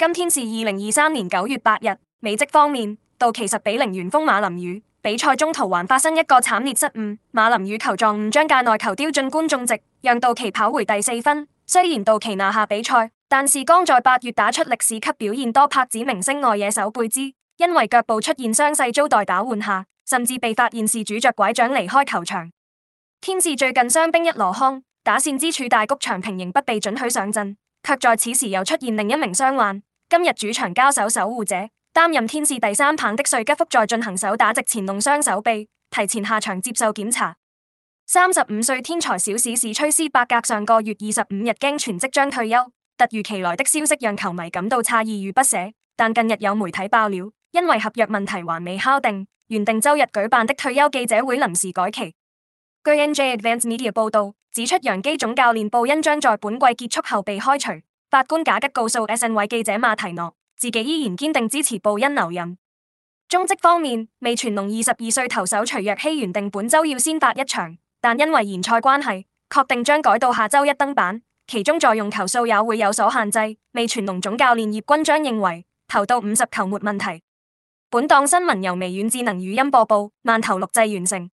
今天是二零二三年九月八日。美職方面，道奇十比零完封馬林魚，比賽中途還發生一個慘烈失誤，馬林魚球僮誤將界內球丟進觀眾席，讓道奇跑回第四分。雖然道奇拿下比賽，但是剛在八月打出歷史級表現多拍子明星外野手貝茲，因為腳部出現傷勢遭代打換下，甚至被發現是拄着拐杖離開球場。天使最近傷兵一籮筐，打線支柱大谷翔平仍不被准許上陣，卻在此時又出現另一名傷患。今日主場交手守護者，擔任天使第三棒的瑞吉福在進行手打直前弄傷手臂，提前下場接受檢查。三十五歲天才小史史崔斯伯格上個月二十五日驚傳即將退休，突如其來的消息讓球迷感到詫異與不捨。但近日有媒體爆料，因為合約問題還未敲定，原定周日舉辦的退休記者會臨時改期。據 N J Advance Media 報道指出，洋基總教練布恩將在本季結束後被開除。法官賈吉告訴 SNY 記者馬提諾，自己依然堅定支持布恩留任。中職方面，味全龍二十二歲投手徐若希原定本周要先發一場，但因為延賽關係，確定將改到下周一登板，其中在用球數也會有所限制。味全龍總教練葉君章認為，投到五十球沒問題。本檔新聞由微軟智能語音播報，慢投錄製完成。